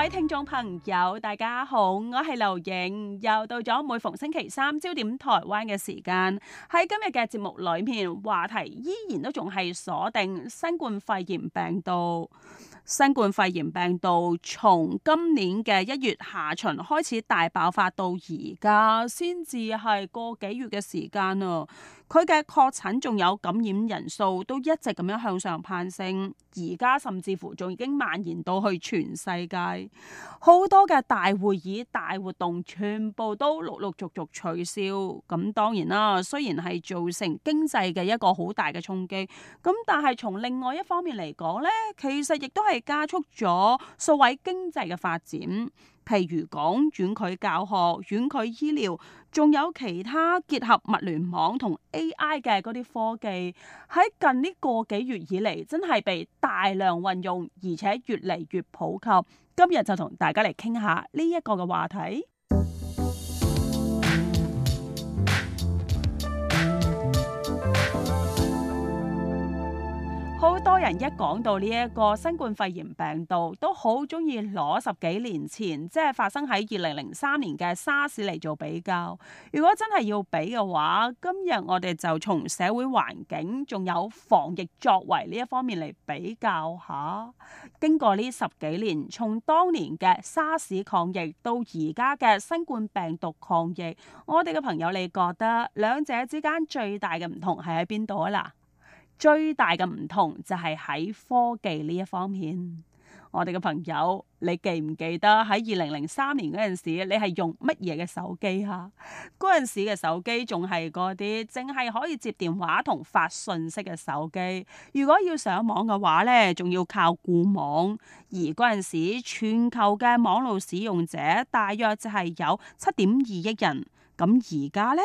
各位聽眾朋友，大家好，我係劉影，又到咗每逢星期三焦點台灣嘅時間。喺今日嘅節目裏面，話題依然都仲係鎖定新冠肺炎病毒。新冠肺炎病毒從今年嘅一月下旬開始大爆發到，到而家先至係個幾月嘅時間啊！佢嘅確診仲有感染人數都一直咁樣向上攀升，而家甚至乎仲已經蔓延到去全世界，好多嘅大會議、大活動全部都陸陸續續取消。咁當然啦，雖然係造成經濟嘅一個好大嘅衝擊，咁但係從另外一方面嚟講呢，其實亦都係加速咗數位經濟嘅發展。譬如講遠距教學、遠距醫療，仲有其他結合物聯網同 AI 嘅嗰啲科技，喺近呢個幾月以嚟，真係被大量運用，而且越嚟越普及。今日就同大家嚟傾下呢一個嘅話題。好多人一講到呢一個新冠肺炎病毒，都好中意攞十幾年前即係發生喺二零零三年嘅沙士嚟做比較。如果真係要比嘅話，今日我哋就從社會環境，仲有防疫作為呢一方面嚟比較下。經過呢十幾年，從當年嘅沙士抗疫到而家嘅新冠病毒抗疫，我哋嘅朋友，你覺得兩者之間最大嘅唔同係喺邊度啊？嗱。最大嘅唔同就係喺科技呢一方面，我哋嘅朋友，你記唔記得喺二零零三年嗰陣時，你係用乜嘢嘅手機啊？嗰陣時嘅手機仲係嗰啲，淨係可以接電話同發信息嘅手機，如果要上網嘅話咧，仲要靠固網，而嗰陣時，全球嘅網絡使用者大約就係有七點二億人。咁而家呢，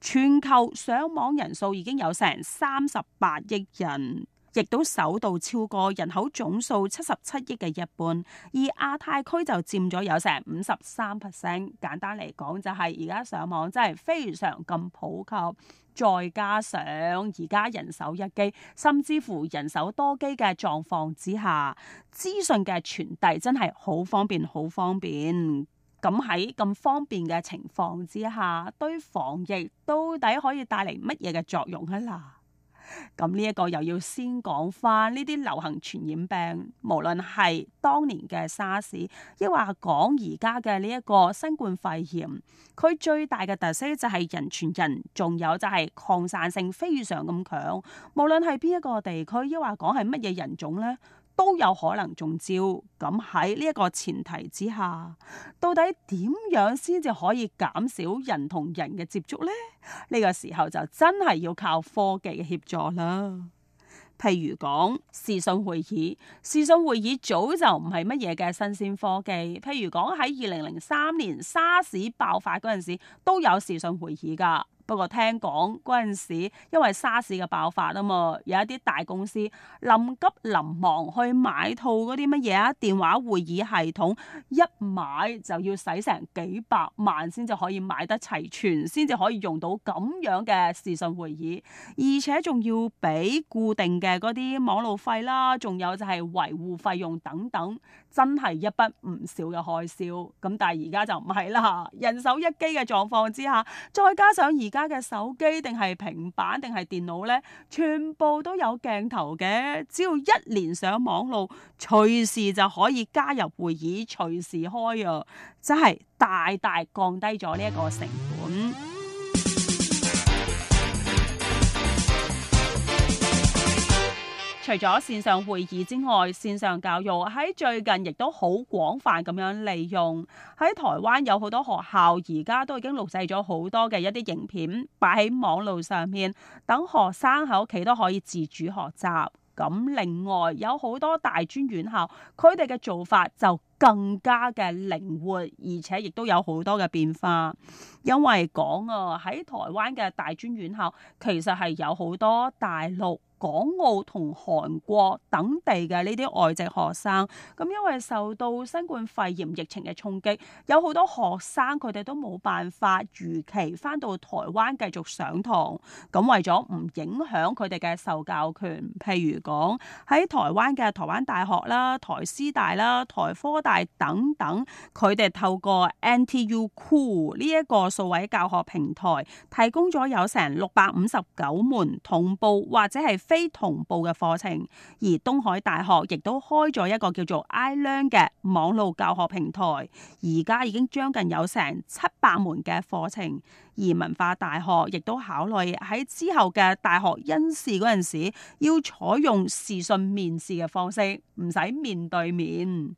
全球上網人數已經有成三十八億人，亦都首度超過人口總數七十七億嘅一半，而亞太區就佔咗有成五十三 percent。簡單嚟講，就係而家上網真係非常咁普及，再加上而家人手一機，甚至乎人手多機嘅狀況之下，資訊嘅傳遞真係好方便，好方便。咁喺咁方便嘅情況之下，對防疫到底可以帶嚟乜嘢嘅作用啊？嗱，咁呢一個又要先講翻呢啲流行傳染病，無論係當年嘅沙士，抑或講而家嘅呢一個新冠肺炎，佢最大嘅特色就係人傳人，仲有就係擴散性非常咁強，無論係邊一個地區，抑或講係乜嘢人種呢，都有可能中招，咁喺呢一個前提之下，到底點樣先至可以減少人同人嘅接觸呢？呢、呢個時候就真係要靠科技嘅協助啦。譬如講視訊會議，視訊會議早就唔係乜嘢嘅新鮮科技。譬如講喺二零零三年沙士爆發嗰陣時，都有視訊會議噶。不過聽講嗰陣時，因為沙士嘅爆發啊嘛，有一啲大公司臨急臨忙去買套嗰啲乜嘢啊，電話會議系統一買就要使成幾百萬先至可以買得齊全，先至可以用到咁樣嘅視訊會議，而且仲要俾固定嘅嗰啲網路費啦，仲有就係維護費用等等，真係一筆唔少嘅開銷。咁但係而家就唔係啦，人手一機嘅狀況之下，再加上而家家嘅手機定係平板定係電腦呢，全部都有鏡頭嘅，只要一連上網路，隨時就可以加入會議，隨時開啊、哦！真係大大降低咗呢一個成本。除咗線上會議之外，線上教育喺最近亦都好廣泛咁樣利用。喺台灣有好多學校，而家都已經錄製咗好多嘅一啲影片，擺喺網路上面，等學生喺屋企都可以自主學習。咁另外有好多大專院校，佢哋嘅做法就更加嘅靈活，而且亦都有好多嘅變化。因為講啊，喺台灣嘅大專院校其實係有好多大陸、港澳同韓國等地嘅呢啲外籍學生，咁因為受到新冠肺炎疫情嘅衝擊，有好多學生佢哋都冇辦法如期翻到台灣繼續上堂。咁為咗唔影響佢哋嘅受教權，譬如講喺台灣嘅台灣大學啦、台師大啦、台科大等等，佢哋透過 NTU Cool 呢一個數位教學平台，提供咗有成六百五十九門同步或者係。非同步嘅課程，而東海大學亦都開咗一個叫做 iLearn 嘅網路教學平台，而家已經將近有成七百門嘅課程，而文化大學亦都考慮喺之後嘅大學甄試嗰陣時，要採用視訊面試嘅方式，唔使面對面。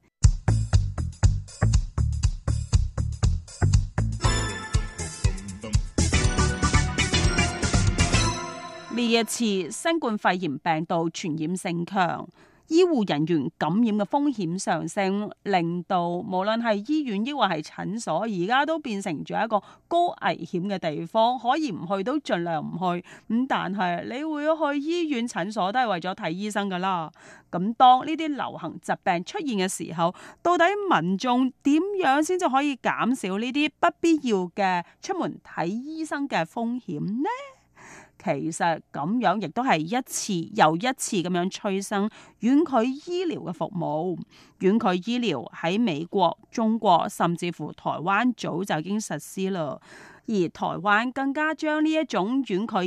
呢一次新冠肺炎病毒傳染性強，醫護人員感染嘅風險上升，令到無論係醫院抑或係診所，而家都變成咗一個高危險嘅地方，可以唔去都盡量唔去。咁但係你會去醫院診所都係為咗睇醫生噶啦。咁當呢啲流行疾病出現嘅時候，到底民眾點樣先至可以減少呢啲不必要嘅出門睇醫生嘅風險呢？其實咁樣亦都係一次又一次咁樣催生遠距醫療嘅服務。遠距醫療喺美國、中國甚至乎台灣早就已經實施了。而台灣更加將呢一種遠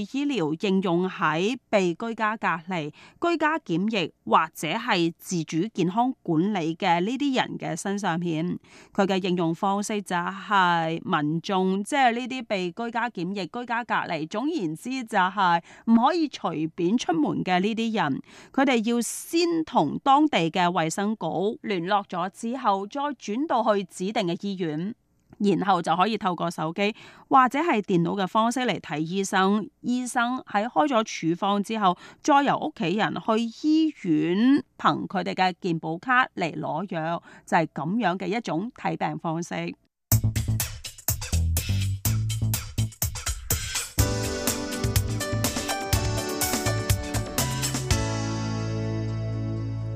距醫療應用喺被居家隔離、居家檢疫或者係自主健康管理嘅呢啲人嘅身上面，佢嘅應用方式就係民眾即係呢啲被居家檢疫、居家隔離，總言之就係唔可以隨便出門嘅呢啲人，佢哋要先同當地嘅衛生局聯絡咗之後，再轉到去指定嘅醫院。然後就可以透過手機或者係電腦嘅方式嚟睇醫生，醫生喺開咗處方之後，再由屋企人去醫院憑佢哋嘅健保卡嚟攞藥，就係咁樣嘅一種睇病方式。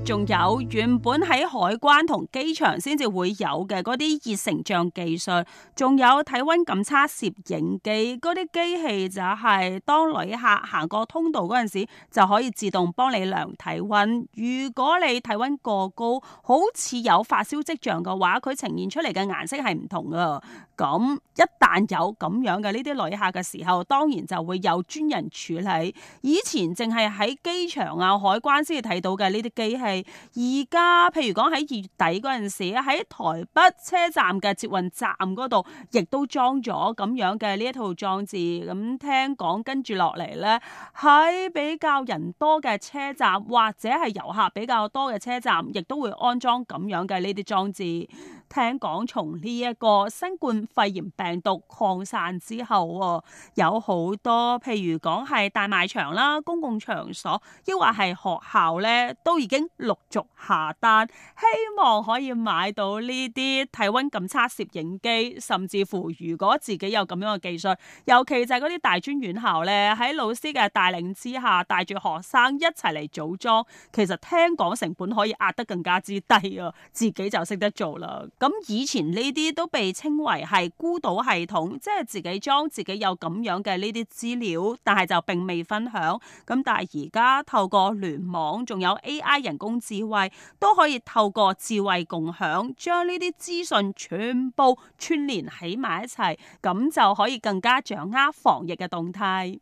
仲有原本喺海關同機場先至會有嘅啲熱成像技術，仲有體溫感測攝影機，啲機器就係當旅客行過通道嗰陣時，就可以自動幫你量體溫。如果你體溫過高，好似有發燒跡象嘅話，佢呈現出嚟嘅顏色係唔同噶。咁一旦有咁樣嘅呢啲旅客嘅時候，當然就會有專人處理。以前淨係喺機場啊海關先至睇到嘅呢啲機器。而家譬如講喺二月底嗰陣時喺台北車站嘅捷運站嗰度，亦都裝咗咁樣嘅呢一套裝置。咁、嗯、聽講跟住落嚟呢，喺比較人多嘅車站或者係遊客比較多嘅車站，亦都會安裝咁樣嘅呢啲裝置。聽講從呢一個新冠肺炎病毒擴散之後，哦，有好多譬如講係大賣場啦、公共場所，抑或係學校呢，都已經。陸續下單，希望可以買到呢啲體溫檢測攝影機，甚至乎如果自己有咁樣嘅技術，尤其就係嗰啲大專院校咧，喺老師嘅帶領之下，帶住學生一齊嚟組裝，其實聽講成本可以壓得更加之低啊！自己就識得做啦。咁以前呢啲都被稱為係孤島系統，即係自己裝自己有咁樣嘅呢啲資料，但係就並未分享。咁但係而家透過聯網仲有 AI 人工。智慧都可以透過智慧共享，將呢啲資訊全部串聯喺埋一齊，咁就可以更加掌握防疫嘅動態。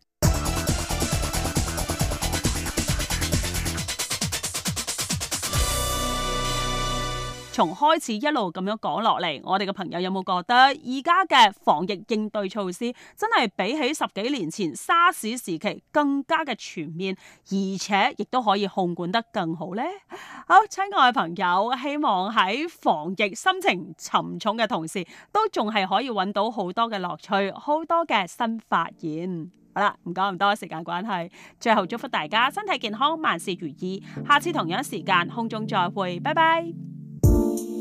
從開始一路咁樣講落嚟，我哋嘅朋友有冇覺得而家嘅防疫應對措施真係比起十幾年前沙士時期更加嘅全面，而且亦都可以控管得更好呢？好，哦，親愛嘅朋友，希望喺防疫心情沉重嘅同時，都仲係可以揾到好多嘅樂趣，好多嘅新發現。好啦，唔講咁多，時間關係，最後祝福大家身體健康，萬事如意。下次同樣時間空中再會，拜拜。